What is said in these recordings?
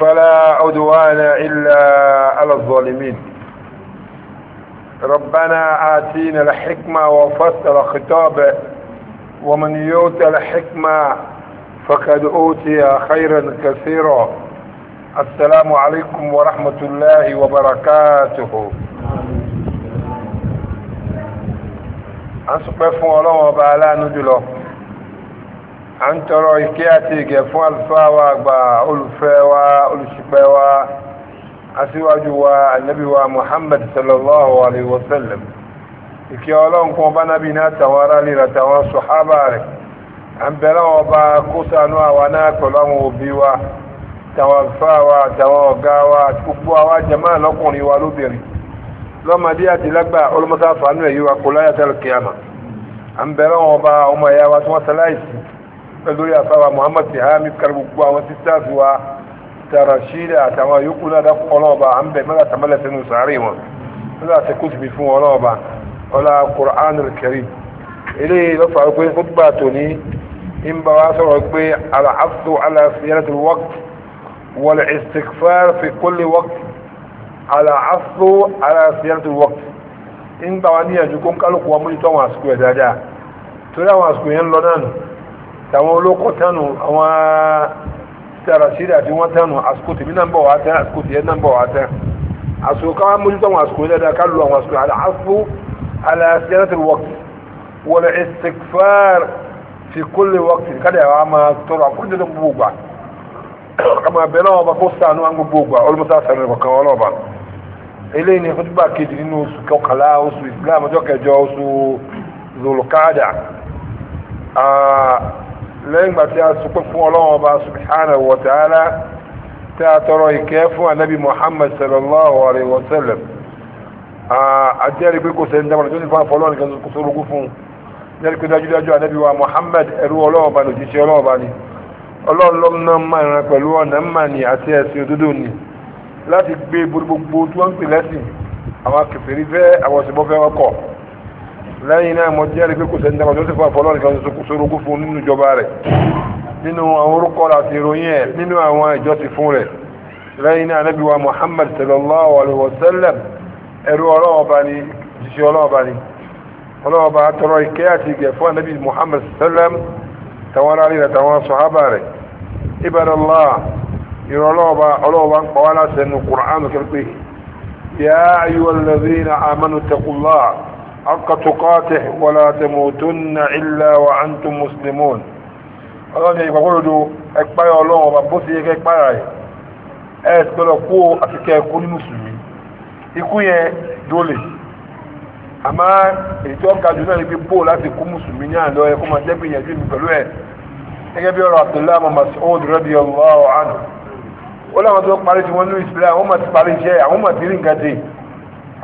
فلا عدوان إلا على الظالمين ربنا آتينا الحكمة وفصل خطاب ومن يؤت الحكمة فقد أوتي خيرا كثيرا السلام عليكم ورحمة الله وبركاته أنسوا بفو الله وبعلانه a ń tọrọ ìkẹ́ àti ìgẹ̀ fún àlùfáà wa àgbà olùfẹ́ wa olùṣìpẹ̀ wa aṣíwájú wa ànábì wa muhammad sallallahu alayhi wa sallam ìkẹ́ ọlọ́run kan bá nábì náà tàwọn ará lè ra tàwọn sọ̀hábà rẹ̀ à ń bẹ̀rẹ̀ wọn bá kó sànú àwa náà pẹ̀lú àwọn òbí wa tàwọn àlùfáà tàwọn ọ̀gá wa gbogbo àwa jàmáà lọ́kùnrin wa lóbìnrin lọ́mọdé àti lágbà olùmọ́sáfà nù ẹ̀yí wa kò láyàtọ̀ kíyàmá à ń bẹ̀rẹ̀ wọn bá ọmọ ẹ̀yà wa tí wọ́n ṣaláìsí lórí àfáwà muhammad sihami kari gbogbo àwọn sisters wa tara shida àtàwọn yòókù náà dákú ọlọ́ọ̀ba à ń bẹ̀ mẹ́ta tàmẹ́lẹ̀ sínú sàárè wọn mẹ́ta tẹkù síbi fún ọlọ́ọ̀ba ọlá quran al-karim ilé lọ́fà pé fútbà tòní ń bá wa sọ̀rọ̀ pé al-afdu ala siyanatul waqt wal istighfar fi kulli waqt al-afdu ala siyanatul waqt ń bá wa tàwọn olóko tánu àwọn tàràṣídà tí wọ́n tánu àsìkò tèmi náà ń bọ̀ wá tán àsìkò tèmi náà ń bọ̀ wá tán àsìkò káwọn mójútó àwọn àsìkò yẹn dáadáa ká lu àwọn àsìkò àlà àsìkò àlà sẹ́yẹ́tì wọ́kì wọlé istikfar fi kúlè wọ́kì káde àwọn àmà tọrọ àkójọ tó gbogbo gbà àmà bẹ́ẹ̀ náà wọ́n bá kó sànú àwọn gbogbo gbà olùmọ̀sá sànú ìkọ̀kan ọlọ́ọ̀bà eléyìí ni fúdùbà kejì nínú oṣù kọkànlá oṣù islam ọjọ́ kẹjọ oṣù zolokada lẹ́yìn gbàtí a sùpẹ́ fún ọlọ́wọ́ bá subhanahu wa ta'ala tí a tọrọ ìkẹ́ fún anabi muhammad sallallahu alayhi wa sallam àti ẹ̀rí pé kò sẹ́ni dábàá tó ní fún afọ ọlọ́run kan kò sórogún fún un ẹ̀rí pé dájúdájú anabi wa muhammad ẹ̀rú ọlọ́wọ́ bá ní òjíṣẹ́ ọlọ́wọ́ bá ní ọlọ́run lọ́mọ máa ìran pẹ̀lú ọ̀nà mà ní àti ẹ̀sìn òdodo ní láti gbé gbogbo tí wọ́n ń pè lẹ́sìn àwọn kẹfẹ́rí fẹ́ àwọn ọ̀sìn bọ́ fẹ́ wọ́n kọ̀ lẹ́yìn náà mo jẹ́rìí pé kò sẹ́ni dákọ̀ tó ti fún àfọlọ́rì kan tó sorogún fún nínú ìjọba rẹ̀ nínú àwọn orúkọ rẹ̀ àti ìròyìn ẹ̀ nínú àwọn ìjọsìn fún rẹ̀ lẹ́yìn náà Ànábì wa Muhammad sallallahu alaihi wa sallam ẹ̀rú ọlọ́ọ̀ba ni jíṣẹ́ ọlọ́ọ̀ba ni ọlọ́ọ̀ba tọrọ ìkẹ́ àti ìgẹ̀ fún Ànábì Muhammad sallam tàwọn ará rẹ̀ tàwọn sọ̀hábà حق تقاته ولا تموتن إلا وأنتم مسلمون ọlọ́run ni ìgbàgbọ́ lòdò ẹgbáyà ọlọ́run ọba bó ti yẹ kẹ́ ẹgbáyà ẹ̀ ẹ̀ gbọ́dọ̀ kú àti kẹ́ ẹkú ní mùsùlùmí ikú yẹn dólè àmọ́ ètò ọ̀gá jù náà ni pé bó láti kú mùsùlùmí ní àlọ́ ẹ̀kọ́ máa jẹ́ gbìyànjú mi pẹ̀lú ẹ̀ gẹ́gẹ́ bí ọ̀rọ̀ Abdullahi Mas'ud radiyallahu anhu ó láwọn tó parí tí wọ́n ní Islam wọ́n máa ti parí iṣẹ́ àwọn máa ti rí nǹkan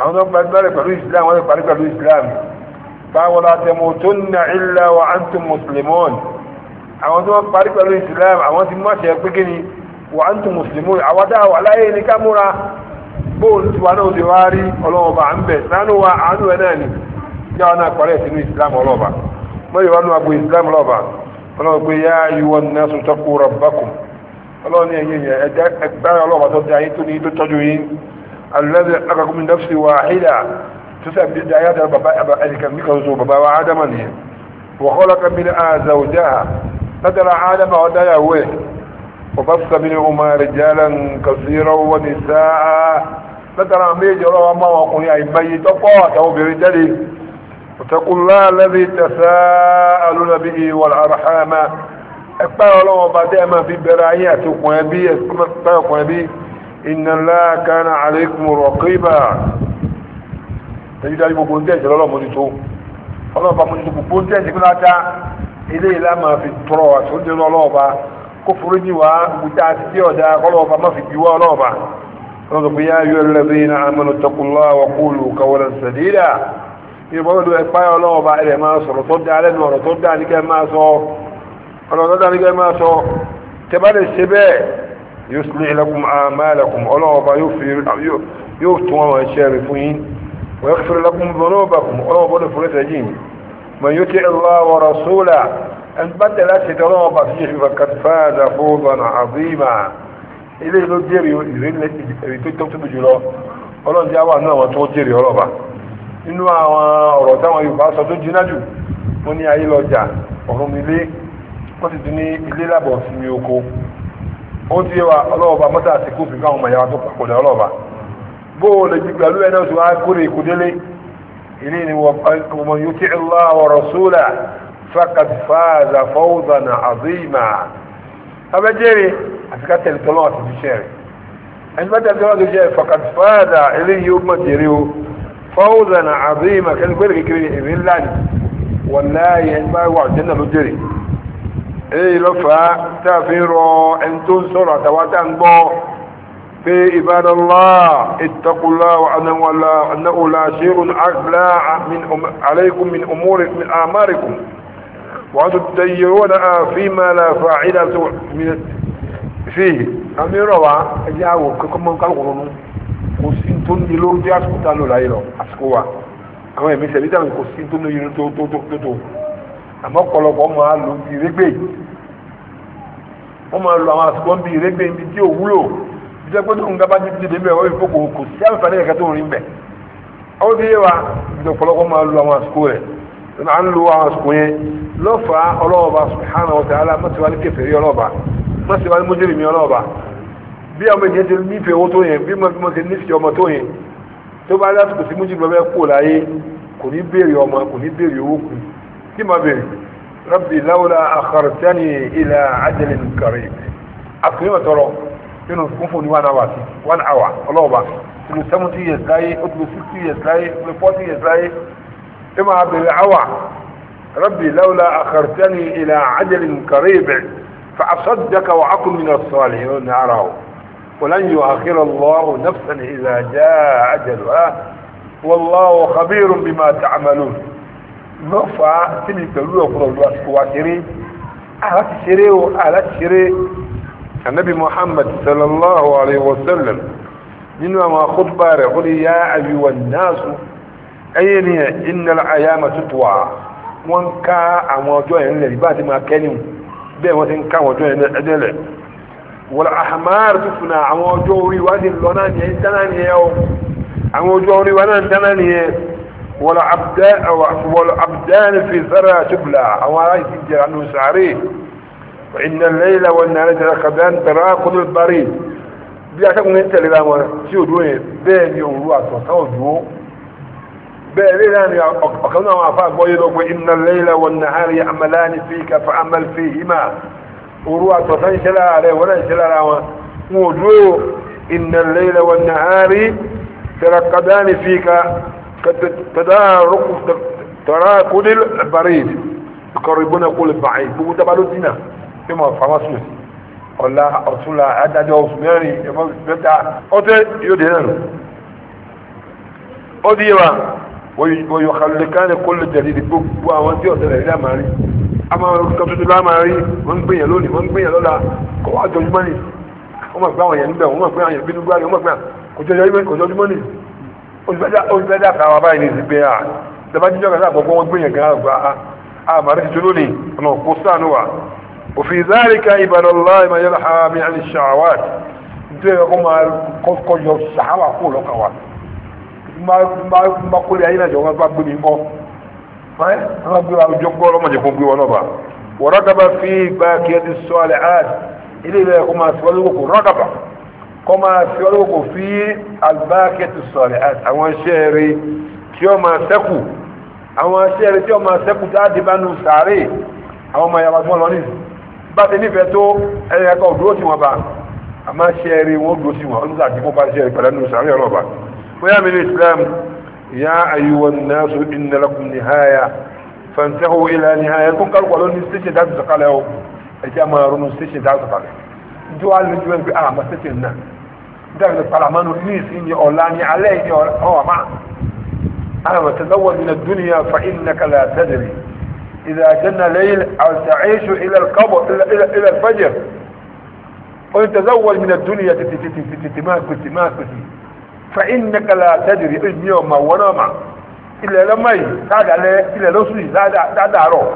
àwọn tó gbàgbẹ́rẹ̀ pẹ̀lú islam wọ́n parí pẹ̀lú islam báwọn látẹ̀mọ̀ tó nà ilẹ̀ wa antum muslimun àwọn tó parí pẹ̀lú islam àwọn ti mọ́ṣẹ̀ pé kí ni wa antum muslimun àwọ́dá wà láyé ní kámúra bóòlù tí wà náà ti wá rí ọlọ́ọ̀bà ń bẹ̀ sánú wa àánú ẹ̀ náà ni yá wọn náà parẹ́ sínú islam ọlọ́ọ̀bà mọ́yẹ̀ wọn náà gbé islam ọlọ́ọ̀bà ọlọ́ọ̀ pé yá ayúwọ́n náà sùn tọ́kù rabbakum ọlọ́ọ̀ ní ẹ̀yìn ẹ̀dá ẹgbẹ́ ọlọ́ọ̀bà tó dá yín tó ní tó tọ́jú yín الذي خلق من نفس واحدة تسبب آيات بابا أذكر ميكوزو بابا وآدم ني وخلق منها زوجها فترى آدم ودايوه وبث منهما رجالا كثيرا ونساء فترى ميجي الله ما وقل أي بي تقوى برجاله وتقول الله الذي تساءلون به والأرحام أكبر الله وبعد ما في براعية تقوى بي اكبر به إن الله كان عليكم رقيبا تجد gbogbo ń tẹ̀sẹ̀ lọ́lọ́ mójútó ọlọ́ọ̀bá mójútó gbogbo ń tẹ̀sẹ̀ kí láta ilé ìlà máa fi tọrọ àtúndé lọ́lọ́ọ̀bá kó forí ní wá gbùtá àti tí ọ̀dá ọlọ́ọ̀bá má fi juwọ́ ọlọ́ọ̀bá lọ́dọ̀ yá يصلح لكم أعمالكم الله أبا يفتوا وشارفين ويغفر لكم ذنوبكم الله أبا فرسجين من يطع الله ورسوله أن بدل أسد الله أبا فيه فقد فاز فوضا عظيما إليه لو جيري يرين لتكتب جلو الله جاوى أنه وانتو جيري الله أبا inú àwọn ọ̀rọ̀ táwọn Yorùbá sọ tó jiná jù wọ́n ní ayé lọ́jà ọ̀run ilé wọ́n sì tún ní ilé lábọ̀ sinmi oko ó ti yẹ wa ọlọ́ọ̀ba mọ́tà àti kófì káwọn ọmọ ìyá tó pàpọ̀ dẹ̀ ọlọ́ọ̀ba bó o lè jí pẹ̀lú ẹni oṣù akórè ìkúdélé ilé ni ọmọ yóò kí ńlá ọ̀rọ̀ sólà faqad fáàzà fawzan azima abẹ́jẹ́rẹ́ àti ká tẹ̀lé tọ́lọ́ àti jíṣẹ́ rẹ̀ ẹni bá tẹ̀lé tọ́lọ́ àti jíṣẹ́ faqad fáàzà eléyìí mọ̀ jẹ́rẹ́ o fawzan azima kẹ́lẹ́gbẹ́rẹ́ eléyìí lọ́fà tá a fi ń rọ ẹni tó ń sọ̀rọ̀ àtàwọn tá ń gbọ́ pé ibadallah ittaqullah wa anáwọ̀lá anáwọ̀lá ṣe'un àgbà alaykum min umurikum min amarikum wa tó tẹ̀yẹ̀wò náà fi máa la fa'ida tó fi àmì rọ̀ wá ẹjẹ́ àwọ̀ kọ́kọ́ mọ́ kò sí tó ní lórí àsìkò tá lò láyé lọ àsìkò wa àwọn ẹ̀mí sẹ̀lítà kò sí tó ní lórí tó tó tó tó àmọ́ ọ̀pọ̀lọpọ̀ máa lò bí irégbè wọ́n máa lò àwọn àsìkò bí irégbè ibi tí ò wúlò jíjẹ́ pé tóun gábá ti dìde bẹ́ẹ̀ wọ́n fi fòkò kò sí àǹfààní ẹ̀ka tó rí bẹ̀ ó di yé wa ìjọ ọ̀pọ̀lọpọ̀ máa lò àwọn àsìkò rẹ̀ à ń lo àwọn àsìkò yẹn lọ́fà ọlọ́ọ̀ba subhanahu wa ta'ala mọ̀síwá ní kẹfẹ́rí ọlọ́ọ̀ba mọ̀síwá ní mọ́jẹ́rìmí ọlọ́ọ̀ba bí àwọn ènìyàn ti ní كما به ربي لولا أخرتني إلى عجل كريم أكلمة ترى إنه كفو وانا واسي وانا أوع الله بقى إنه 70 years لاي إنه 60 years لاي إنه 40 years لاي إما عبد الأوع ربي لولا أخرتني إلى عجل قريب فأصدق وأكن من الصالحين أراه ولن يؤخر الله نفسا إذا جاء عجلها والله خبير بما تعملون ló fà á tí mi pẹ̀lú ọ̀pọ̀lọ̀ lu àsìkò wa ṣeré aláti ṣeré o aláti ṣeré anabi muhammad sallallahu alayhi wa sallam nínú àwọn akótópá rẹ̀ ó lè yá àyùwà náàsù ẹyẹ nìyẹn innal ayama tutwa wọ́n ń ká àwọn ọjọ́ yẹn lẹ̀ bá ti máa kẹ́ni bẹ́ẹ̀ wọ́n ti ń àwọn ọjọ́ yẹn lẹ̀ wọ́n àhàmáà rẹ̀ tuntun àwọn ọjọ́ orí wa ti lọ náà nìyẹn dáná nìyẹn o àwọn ọjọ́ orí wa náà dáná nìyẹn والعبدان في ثرى تبلى او راي تجير عنه سعريه وان الليل والنهار تلقبان تراكم البريد بيعتقون انت اللي بقى شو دوين بين يوم الوقت وطاو دوو بين ليلة يعني اقلنا وعفاق ويدوك وان الليل والنهار يعملان فيك فعمل فيهما وروات وطاو انشلا عليه ولا انشلا عليه ان الليل والنهار تلقبان فيك كتدارك تراكد البريد يقربون قول البعيد بو تبالو دينا كما فماسوس ọ̀la ọ̀túnla adájọ́ oṣù mẹ́rin ẹ̀fọ́ mẹ́ta ọtẹ́ yóò dé náà ó di yẹwa wòyò kàlùkàlù kó lè jẹ̀lì ní gbogbo àwọn tí ọ̀tẹ̀ rẹ̀ rí àmà rí àmà orúkọ tuntun láàmà rí wọ́n ń gbìyàn lónìí wọ́n ń gbìyàn lọ́la kó wá jọjúmọ́ ni wọ́n mọ̀ pé àwọn yẹn níbẹ̀ wọ́n mọ̀ pé àwọn yẹn bínú gbáre wọ́n mọ̀ pé kò jọjọ́ olùfẹ́dà kan àwọn báyìí ní ìsìn pé à dábàá jíjọ́ kan sáàpọ̀ wọ́n gbìyàn gan àgbà ah, ah, àmàrí ti tóló ní ọ̀nà kó sáànù wa òfin záríkà ibadallahi máa yọ láha mi àni ṣàwàt nítorí ẹ̀kọ́ máa kọ́kọ́ yọ ṣàwà kó lọ́kàn wa máa kólé ayé nàìjọ wọn bá gbé mi kọ́ wọn gbé wa jọ gbọ́ kọ́ máa fi ọlọ́gbò fi albákẹ́tù sọ̀rẹ̀ àwọn iṣẹ́ rẹ̀ tí ó máa sẹ́kù àwọn iṣẹ́ rẹ̀ tí ó máa sẹ́kù dáàdì bá nu sàárè àwọn ọmọ yàrá gbọ́n lọ ní bá ti nífẹ̀ẹ́ tó ẹ̀yẹ kan dúró tí wọ́n bá àmọ́ iṣẹ́ rẹ̀ wọ́n dúró tí wọ́n olùkọ́ àti kó bá iṣẹ́ rẹ̀ pẹ̀lú dual lójú ẹgbẹ́ àmọ́ tètè náà dábìlì palamanu níìsì ní ọ̀la ní alẹ́ ní ọ̀wàmá àmọ́ tẹ̀lẹ́wọ̀ nínú dúnìyà fa innaka la tadri idha janna layl aw ta'ishu ila al-qabr ila al-fajr ó ní tẹ̀lẹ́wọ̀ nínú dúnìyà tètè máa pèsè máa pèsè fa innaka la tadri ìyẹn ọ̀ma wọ́n náà mà ilẹ̀ lọ́mọ yìí dáadáa lẹ́ ilẹ̀ lọ́sùn yìí dáadáa rọ̀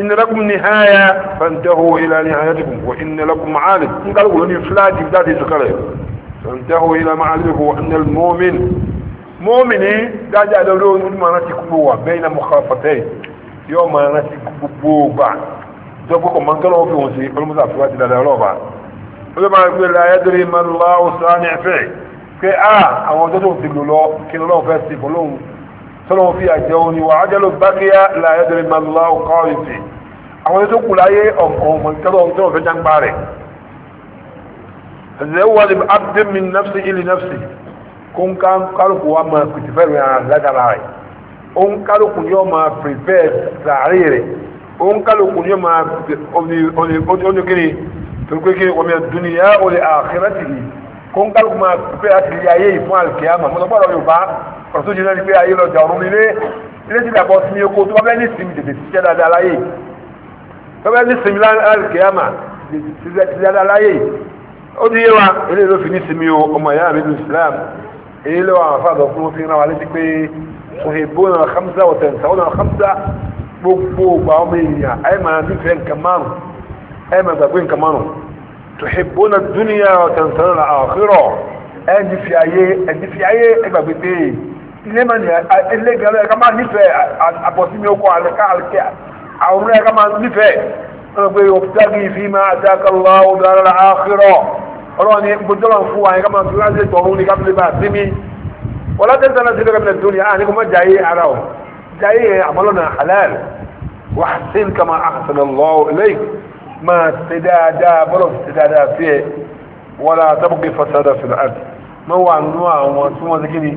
إن لكم نهاية فانتهوا إلى نهايتكم وإن لكم معالم إن قالوا لني فلاتي بذاتي سكره فانتهوا إلى معالمه وأن المؤمن مؤمني دا جاء دولون من ماناتي كبوة بين مخافتين يوم ماناتي كبوة دبكم من قالوا في ونسي المضافات إلى دولوبا ولما يقول لا يدري ما الله صانع فيه كي آه أو تدوم تقولوا كي الله فاسي فلوم tọ́lọ́wọ́ fi àjẹun ni wàá jẹ́ ló bá kí á láyé dẹ̀rẹ̀ máa lọ ọkọ̀ ìfẹ́ àwọn tó kù láyé ọ̀pọ̀ tọ́lọ́wọ́ fẹ́ jàǹgbá rẹ̀ ẹ̀sẹ̀ wà ní abdémi nafsi ilé nafsi kó ń kálukú rẹ̀ ọ̀rọ̀ tó jẹ́ lẹ́ni pé ayé lọ́jà ọ̀run mi lé ilé tí ìdàpọ̀ sinmi oko tó bá bẹ́ẹ̀ ní sinmi tètè ṣiṣẹ́ dáadáa láyé tó bá bẹ́ẹ̀ ní sinmi láàrúkẹ́ àmà ṣiṣẹ́ dáadáa láyé ó ti yé wa ilé ló fi ní sinmi o ọmọ ìyá mi lu Islam èyí lọ́wọ́ àwọn afáàdọ̀ fún wọn fi ń ra wa létí pé òhèbónà alhamsa wọ̀tẹ̀nsáwọ́nà alhamsa gbogbo ọgbà ọmọ ènìyàn ayé nífẹ̀ẹ́ nǹkan márùn ayé gbàgbé nǹkan márùn tòhèbónà dúnìyà wọ̀tẹ̀nsáwọ́nà àkírọ̀ ẹ̀ ń fi ayé ẹ̀ ń fi ayé ẹ̀ gbàgbé nema ni elega lɛ kama nifɛ abɔsi mi kɔ alɛ k'alɛ awuro yɛ kama nifɛ ɛnɛgbɛ yɔ tagi fi ma atakala ɔdara la akirɔ ɔlɔdi gbɔdɔlɔ fún wa yɛ kama gilasi tɔnu ni kabili ba dimi wala tɛ sɛnɛ sɛnɛ kabila doni a ni ko ma ja ye ara o ja ye amalo na halal wa sen kama ahsanallahu ilayk ma ṣe dáadáa bọlọ ṣe wala tabuki fasada fil ard ma wa nua àwọn tí wọn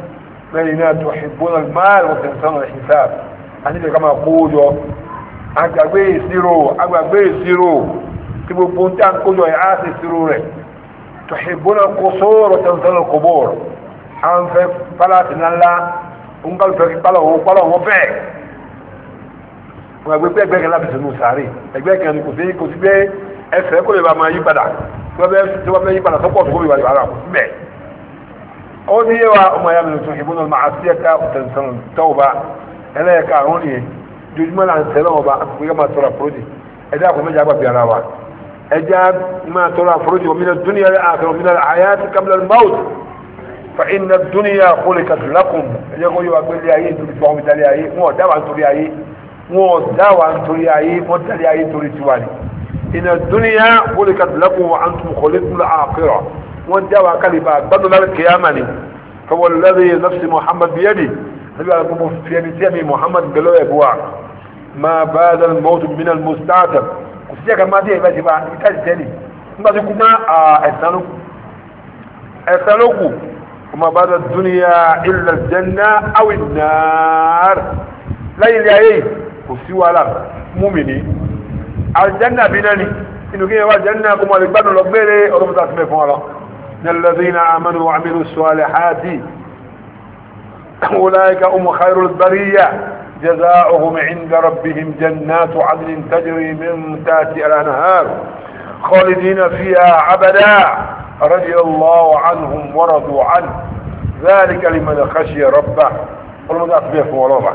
lẹ́yìn náà tó ìbọn almal wọ́n tẹ̀sán ọ̀nà ìsáà àti ìjọba máa kó yọ agbàgbé ìṣirò agbàgbé ìṣirò tí gbogbo ń tà ń kó yọ ẹ̀ á sì ìṣirò rẹ̀ tó ìbọn alkosoro tẹ̀sán ọ̀nà kòbor à ń fẹ́ pálásì ńláńlá ń bá lùfẹ́ pálọ̀ wọn pálọ̀ wọn bẹ́ẹ̀ wọn àgbẹ̀ kan láti sinú sàárè ẹgbẹ́ kan kò sí kò sí gbé ẹsẹ̀ kó lè ba máa yí padà tí wọ́n bẹ́ẹ̀ yí padà sọ́kọ̀ tó kó lè ba lè ba ara kò sí bẹ́ẹ̀ ó ní yé wa ọmọ ya mi tún ìbúnà máa sí ẹ̀ka tẹ̀sán tọ́ọ̀bá ẹlẹ́yẹ̀ká àrùn nìyẹn jojúmọ́ là ń tẹ́lẹ̀ ọba àkùnkùn máa tọrọ àforíjì ẹjẹ́ àkùnkùn méjì àgbàgbé ara wa ẹjẹ́ máa tọrọ àforíjì òmìnira dúnìyà àkàrà òmìnira àyà ti kábílẹ̀ mọ́ọ̀t fa iná dúnìyà kólé kàtúlákùn ẹjẹ́ kó yẹ wa gbélé ayé nítorí tí wọ́n mi dálé ayé wọn dáwà nítorí ayé wọn dáwà nítorí ayé wọn dálé ayé nítorí tiwa ni iná dúnìyà kólé kàtúlákùn wa àǹtùmù kólé kúlọ̀ àkírọ̀ wọ́n já wa kálí bá gbádùn lára kìyàmà ni fọwọ́lẹ́rẹ́ nafsi muhammad biyadi níbi àwọn gbogbo fìyàmì tí a mi muhammad bẹ̀lọ́ ẹ̀ buwa ma bá dán mọ́tò minal mustata kò sí ẹ̀ka máa dé ìbá ti bá ìta ti tẹ́lẹ̀ nígbà tí kú máa ẹ̀sán ló kù ọmọ bá dán dúnìyà ilẹ̀ jẹ́nà awì nàár láyé ayé kò sí wàhálà múmìnì aljanna bí náà inú kí yẹn wá aljanna kó mọ̀ lè gbádùn lọ gbére ọlọ́mọta sí mẹ́fún ọlọ́ إن الذين آمنوا وعملوا الصالحات أولئك هم خير البرية جزاؤهم عند ربهم جنات عدن تجري من تاتي الأنهار خالدين فيها عبدا رضي الله عنهم ورضوا عنه ذلك لمن خشي ربه والمضى أصبح ورابع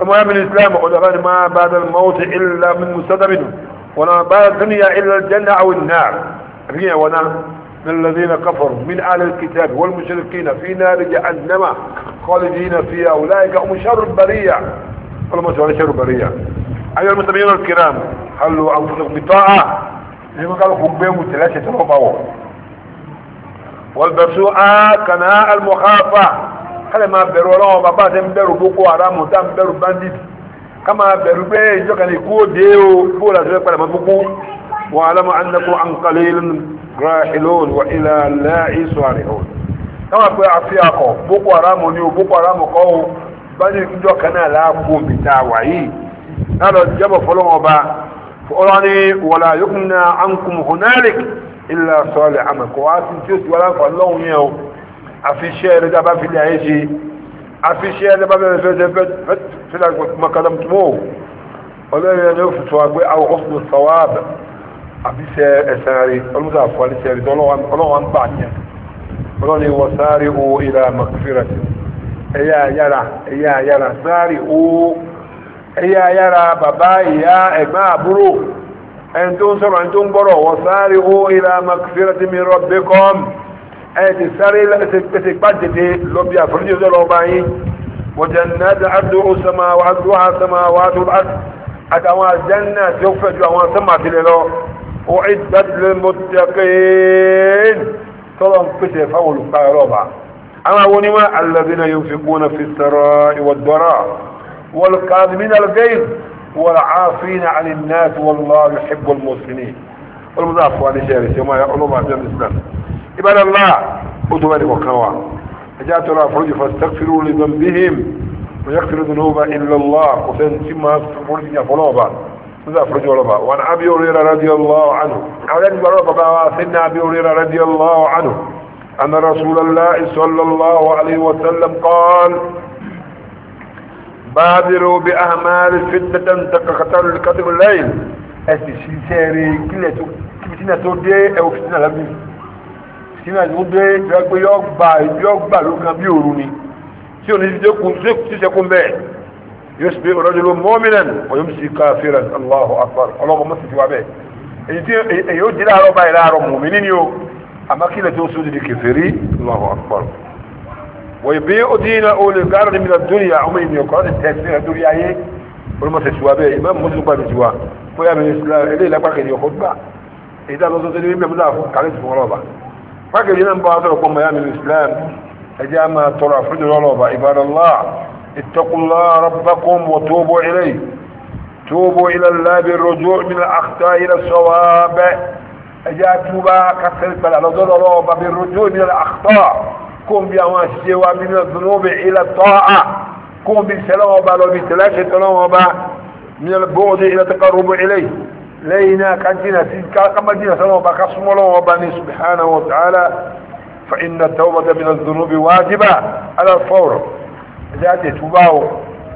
المهم الإسلام قدفان ما بعد الموت إلا من مستدبد وما بعد الدنيا إلا الجنة أو النار فيها ونال من الذين كفروا من أهل الكتاب والمشركين في نار جهنم خالدين فيها أولئك هم شر البرية اللهم صل شر البرية أيها المستمعين الكرام خلوا أنفسكم بطاعة لما قالوا قبهم ثلاثة ربعوا والبسوء كناء المخافة هذا ما بيروا لهم بابا تنبروا بوكو حرام وتنبروا بانديت كما بيروا بيه جو كان يكون ديو بولا سوى قبل ما بوكو واعلم أنكم عن قليل راحلون وإلى الله صارعون كما في عفياقه بوكو رامو نيو بوكو رامو قو بني كنجو كنا لا كون بتاوعي هذا الجبل فلون وبا فأولاني ولا يغنى عنكم هنالك إلا صالح عملك وآتي تيوت ولا فالله نيو àfi iṣẹ́ rẹ̀ dábà fi lè ayé ṣe àfi iṣẹ́ rẹ̀ bá bẹ̀rẹ̀ fẹ́ẹ́ fẹ́ẹ́ fẹ́ẹ́ makalam tó mọ́ ọlọ́run ẹni ó fi sọ àgbẹ̀ àwọn ọ̀sùn sọ̀wọ́ àbẹ̀ àbí sẹ ẹ̀sán rẹ̀ ọlọ́dà àfọwálé sẹ rẹ̀ ọlọ́wà ń bà yẹn ọlọ́wà ni wọ́n sáré o ìlà mọ̀kúfìrẹ̀ ẹ̀yà yára ẹ̀yà yára sáré o ẹ̀yà yára bàbá ìyá ẹ̀gbọ́n àbúrò ẹni tó ń sọ̀rọ̀ ẹni tó ń gbọ́rọ̀ wọ́n sáré o ìlà mọ̀kúfìrẹ̀ ti mi rọ bẹ́kọ́m ẹ̀ ti sáré ẹsẹ̀ pàjẹ́dẹ́ lọ́bí àforíjì وجنات عرضها السماوات والارض اتوا الجنه توفج وان سمعت له أعدت للمتقين طلب كتف أول رابعة أما ونما الذين ينفقون في السراء والضراء والقادمين الغيظ والعافين عن الناس والله يحب المسلمين المضاف عن شارس يوم يقولوا بعد الإسلام إبان الله أدواني وكوا أجاءت الله فرج فاستغفروا لذنبهم ويغفر ذنوب إلا الله وسنتم فرج فلوبا nígbà fúrújú ọlọ́ba wọn Abi Hurairah radiyallahu anhu àwọn ẹni gbàrọ̀ bàbá wa sẹ́ni Abi Hurairah radiyallahu anhu anna Rasulullah sallallahu alayhi wa sallam qala badiru bi ahmali fitnatan takakatar katir layin ẹsì ṣiṣẹ́rẹ̀ kílẹ̀ tó kìtìnà tó dé ẹwọ fìtìnà lábí fìtìnà tó dé ìjọba yọ gbà lókan bí òru ni tí ò ní ṣe kún bẹ́ẹ̀ يصبح رجل مؤمنا ويمسي كافرا الله اكبر اللهم مسك وابه اي يودي لا ربا الى رب مؤمنين يو اما كده توسود الكفري الله اكبر ويبيع دين اول القرن من الدنيا عمين يقال التكفير الدنيا هي والمسك وابه امام مسلم بن جوا ويا من الاسلام الى لا باقي يخطب اذا لو تدري من بلا قالت الله فاكر هنا بعض ربما يا من الاسلام اجا ما ترى فرد الله عباد الله اتقوا الله ربكم وتوبوا إليه توبوا إلى الله بالرجوع من الأخطاء إلى الصواب أجا توبا كسر فالعلى الله بالرجوع من الأخطاء كن بأوان السوى من الذنوب إلى الطاعة كن بالسلام وبا لو بتلاشة سلام من البعد إلى التقرب إليه لينا كنتنا كما دينا سلام وبا كسم الله وبا سبحانه وتعالى فإن التوبة من الذنوب واجبة على الفور ẹjẹ́ àti ìtúbà o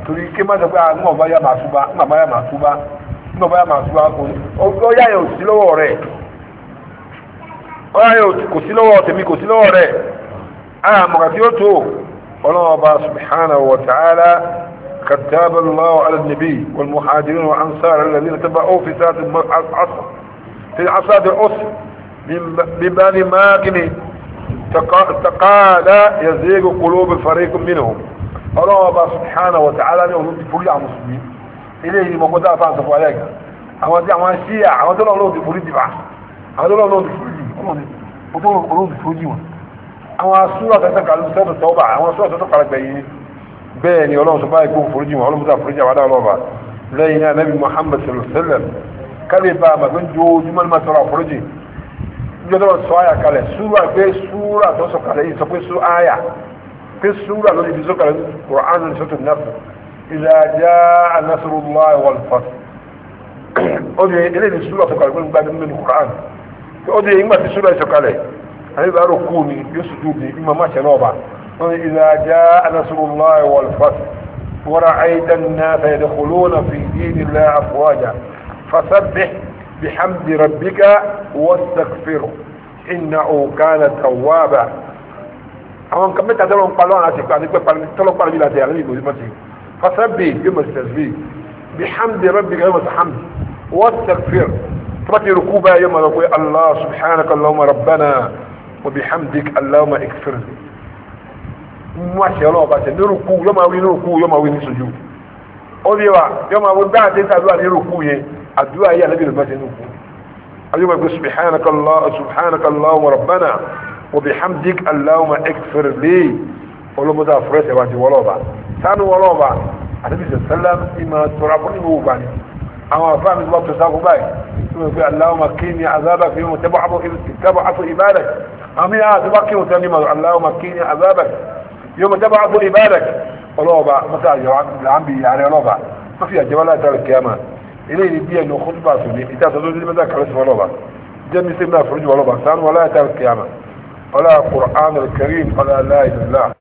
torí kí má sọ pé àwọn ọba yà máa túbà ń bàbá yà máa túbà ń bàbá yà máa túbà ó yà yẹn ò sí lọ́wọ́ rẹ̀ ó yà yẹn kò sí lọ́wọ́ tèmi kò sí lọ́wọ́ rẹ̀ àwọn àmọ̀kà tí ó tó ọlọ́wọ́ ọba subhanahu wa ta'ala كتاب الله على النبي والمهاجرين والأنصار الذين تبعوه في ساعة العصر في العصاد العصر من بني ماكن تقال يزيغ قلوب فريق منهم ọlọ́wọ́ bá subhanahu wa ta'ala ní òun ti forí àwọn mùsùlùmí ilé yìí mọ̀kọ́ tá a fáwọn sọ̀fọ̀ alẹ́ gan àwọn tí àwọn ṣíyà àwọn tó lọ́wọ́ ti forí dìbà àwọn tó lọ́wọ́ ti forí dìbà ọlọ́wọ́ ti forí dìbà àwọn asúrà tẹ́tẹ́ kàlù sẹ́tù tọ́ba àwọn asúrà tẹ́tẹ́ kàlù gbẹ̀yìn bẹ́ẹ̀ ni ọlọ́wọ́ sọ̀fọ̀ àìkú forí dìbà ọlọ́wọ́ sọ̀fọ̀ àìkú forí dìbà lẹ́yìn náà nabi muhammad sallam kálí bá àmàgbé jojúmọ́ ní في السورة التي في ذكر القرآن سورة النصر إذا جاء نصر الله والفتح أدي إليه السورة تقال من بعد من القرآن أدي إما في السورة تقال أنا إذا ركوني يسجدني إما ما شنوبا إذا جاء نصر الله والفتح ورأيت الناس يدخلون في دين الله أفواجا فسبح بحمد ربك واستغفره إنه كان توابا àwọn nǹkan mẹ́ta tọ́lọ́ ń pa lọ́rùn àti pàdé pẹ́ pàdé tọ́lọ́ pàdé bí láti àlejò ìbòsí mọ́tì fasabi yóò mọ̀ sẹ́sibí bí hamdi rabbi kan yóò mọ̀ sàham wọ́n tẹ̀fìr tọ́bátì rukú báyà yóò mọ̀ lọ pé allah subhanaka allahumma rabbana wa bi hamdik allahumma ikfir mú àṣẹ ọlọ́wọ́ bá ṣe ní rukú yóò máa wí ní rukú yóò máa wí ní sojú ó ní wa yóò máa wí bá àti sàdúrà ní rukú yẹn àdúrà yìí àlejò ìbòsí mọ́tì ní rukú وبحمدك اللهم اكفر لي ولو مدى فرس واتي ولوبا سانو ولوبا النبي صلى الله عليه وسلم اما ترابني هو بني اما فاهم الله تساقوا باي ثم يقول اللهم كيني عذابك يوم تبعث تبعث عبادك امي اعتبرك آه، وتنمى اللهم كيني عذابك يوم تبعث إبادك ولوبا مثلا يا عمي يعني ولوبا ما فيها جبلات الكيامة إليه نبيه نخذ خطبة سنين إذا لماذا كرس ولوبا جميسي من أفرج ولوبا سانو ولا يتال الكيامة ولا قرآن الكريم ولا لا إله إلا الله